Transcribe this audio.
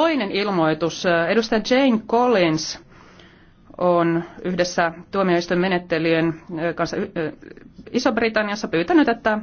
Toinen ilmoitus. Edustaja Jane Collins on yhdessä tuomioistuinmenettelyjen kanssa Iso-Britanniassa pyytänyt, että